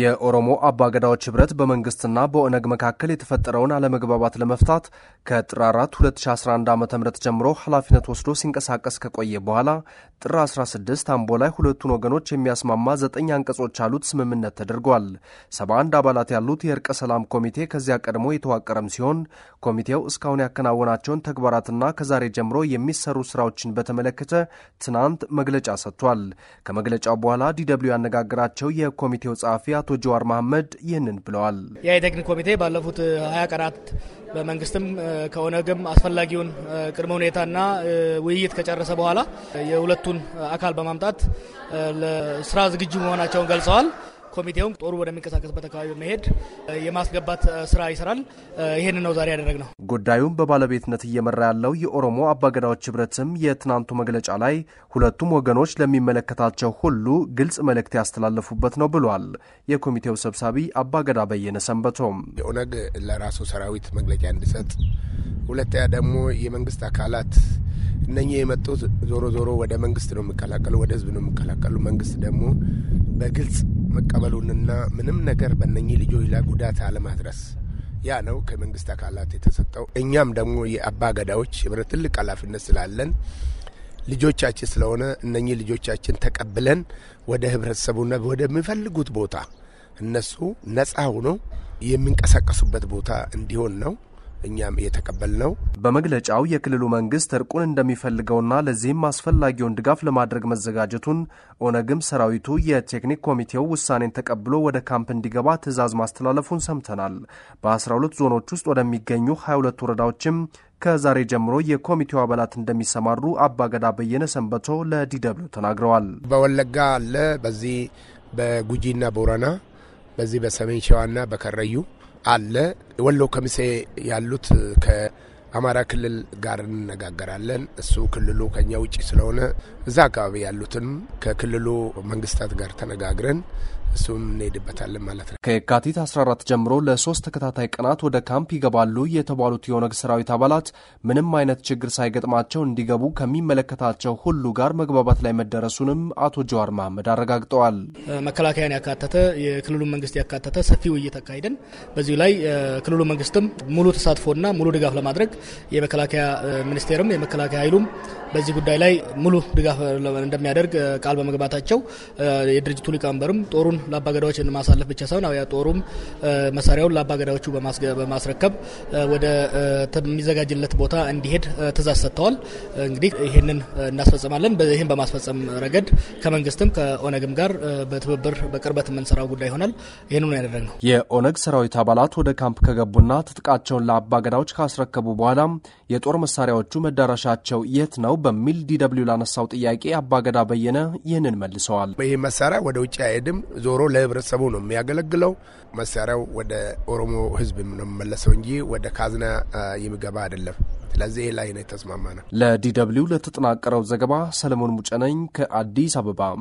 የኦሮሞ አባገዳዎች ህብረት በመንግስትና በኦነግ መካከል የተፈጠረውን አለመግባባት ለመፍታት ከጥር 4 2011 ዓ ም ጀምሮ ኃላፊነት ወስዶ ሲንቀሳቀስ ከቆየ በኋላ ጥር 16 አምቦ ላይ ሁለቱን ወገኖች የሚያስማማ ዘጠኝ አንቀጾች ያሉት ስምምነት ተደርጓል። 71 አባላት ያሉት የእርቀ ሰላም ኮሚቴ ከዚያ ቀድሞ የተዋቀረም ሲሆን ኮሚቴው እስካሁን ያከናወናቸውን ተግባራትና ከዛሬ ጀምሮ የሚሰሩ ስራዎችን በተመለከተ ትናንት መግለጫ ሰጥቷል። ከመግለጫው በኋላ ዲደብሊው ያነጋገራቸው የኮሚቴው ጸሐፊ አቶ ጀዋር መሐመድ ይህንን ብለዋል። ያ የቴክኒክ ኮሚቴ ባለፉት ሀያ ቀናት በመንግስትም ከኦነግም አስፈላጊውን ቅድመ ሁኔታና ውይይት ከጨረሰ በኋላ የሁለቱን አካል በማምጣት ለስራ ዝግጁ መሆናቸውን ገልጸዋል። ኮሚቴውም ጦሩ ወደሚንቀሳቀስበት አካባቢ በመሄድ የማስገባት ስራ ይሰራል። ይህን ነው ዛሬ ነው። ጉዳዩን በባለቤትነት እየመራ ያለው የኦሮሞ አባገዳዎች ህብረትም የትናንቱ መግለጫ ላይ ሁለቱም ወገኖች ለሚመለከታቸው ሁሉ ግልጽ መልእክት ያስተላለፉበት ነው ብሏል። የኮሚቴው ሰብሳቢ አባገዳ በየነ ሰንበቶም የኦነግ ለራሱ ሰራዊት መግለጫ እንዲሰጥ፣ ሁለተኛ ደግሞ የመንግስት አካላት እነኚህ የመጡት ዞሮ ዞሮ ወደ መንግስት ነው የሚቀላቀሉ፣ ወደ ህዝብ ነው የሚቀላቀሉ። መንግስት ደግሞ በግልጽ መቀበሉንና ምንም ነገር በነኚህ ልጆች ላይ ጉዳት አለማድረስ ያ ነው ከመንግስት አካላት የተሰጠው። እኛም ደግሞ የአባ ገዳዎች ህብረት ትልቅ ኃላፊነት ስላለን ልጆቻችን ስለሆነ እነኚህ ልጆቻችን ተቀብለን ወደ ህብረተሰቡና ወደሚፈልጉት ቦታ እነሱ ነጻ ሆነው የሚንቀሳቀሱበት ቦታ እንዲሆን ነው። እኛም ነው። በመግለጫው የክልሉ መንግስት እርቁን እንደሚፈልገውና ለዚህም አስፈላጊውን ድጋፍ ለማድረግ መዘጋጀቱን፣ ኦነግም ሰራዊቱ የቴክኒክ ኮሚቴው ውሳኔን ተቀብሎ ወደ ካምፕ እንዲገባ ትዕዛዝ ማስተላለፉን ሰምተናል። በ12 ዞኖች ውስጥ ወደሚገኙ 22 ወረዳዎችም ከዛሬ ጀምሮ የኮሚቴው አባላት እንደሚሰማሩ አባገዳ በየነ ሰንበቶ ለዲደብሊው ተናግረዋል። በወለጋ አለ፣ በዚህ በጉጂና ቦረና፣ በዚህ በሰሜን ሸዋና በከረዩ አለ። ወሎ ከሚሴ ያሉት ከአማራ ክልል ጋር እንነጋገራለን። እሱ ክልሉ ከኛ ውጭ ስለሆነ እዛ አካባቢ ያሉትን ከክልሉ መንግስታት ጋር ተነጋግረን እሱም እንሄድበታለን ማለት ነው። ከየካቲት 14 ጀምሮ ለሶስት ተከታታይ ቀናት ወደ ካምፕ ይገባሉ የተባሉት የኦነግ ሰራዊት አባላት ምንም አይነት ችግር ሳይገጥማቸው እንዲገቡ ከሚመለከታቸው ሁሉ ጋር መግባባት ላይ መደረሱንም አቶ ጀዋር መሐመድ አረጋግጠዋል። መከላከያን ያካተተ የክልሉ መንግስት ያካተተ ሰፊ ውይይት አካሂደን በዚሁ ላይ ክልሉ መንግስትም ሙሉ ተሳትፎና ሙሉ ድጋፍ ለማድረግ የመከላከያ ሚኒስቴርም የመከላከያ ኃይሉም በዚህ ጉዳይ ላይ ሙሉ ድጋፍ እንደሚያደርግ ቃል በመግባታቸው የድርጅቱ ሊቀመንበርም ጦሩን ለአባገዳዎች ማሳለፍ ብቻ ሳይሆን አብያ ጦሩም መሳሪያውን ለአባገዳዎቹ በማስረከብ ወደ የሚዘጋጅለት ቦታ እንዲሄድ ትእዛዝ ሰጥተዋል። እንግዲህ ይህንን እናስፈጽማለን። ይህን በማስፈጸም ረገድ ከመንግስትም ከኦነግም ጋር በትብብር በቅርበት የምንሰራው ጉዳይ ይሆናል። ይህንኑ ያደረግ ነው። የኦነግ ሰራዊት አባላት ወደ ካምፕ ከገቡና ትጥቃቸውን ለአባገዳዎች ካስረከቡ በኋላ የጦር መሳሪያዎቹ መዳረሻቸው የት ነው በሚል ዲ ላነሳው ጥያቄ አባገዳ በየነ ይህንን መልሰዋል። ይህ መሳሪያ ወደ ውጭ አይሄድም ዞ ዞሮ ለህብረተሰቡ ነው የሚያገለግለው። መሳሪያው ወደ ኦሮሞ ህዝብ ነው የሚመለሰው እንጂ ወደ ካዝና የሚገባ አይደለም። ስለዚህ ይህ ላይ ነው የተስማማ ነው። ለዲ ደብልዩ ለተጠናቀረው ዘገባ ሰለሞን ሙጨነኝ ከአዲስ አበባ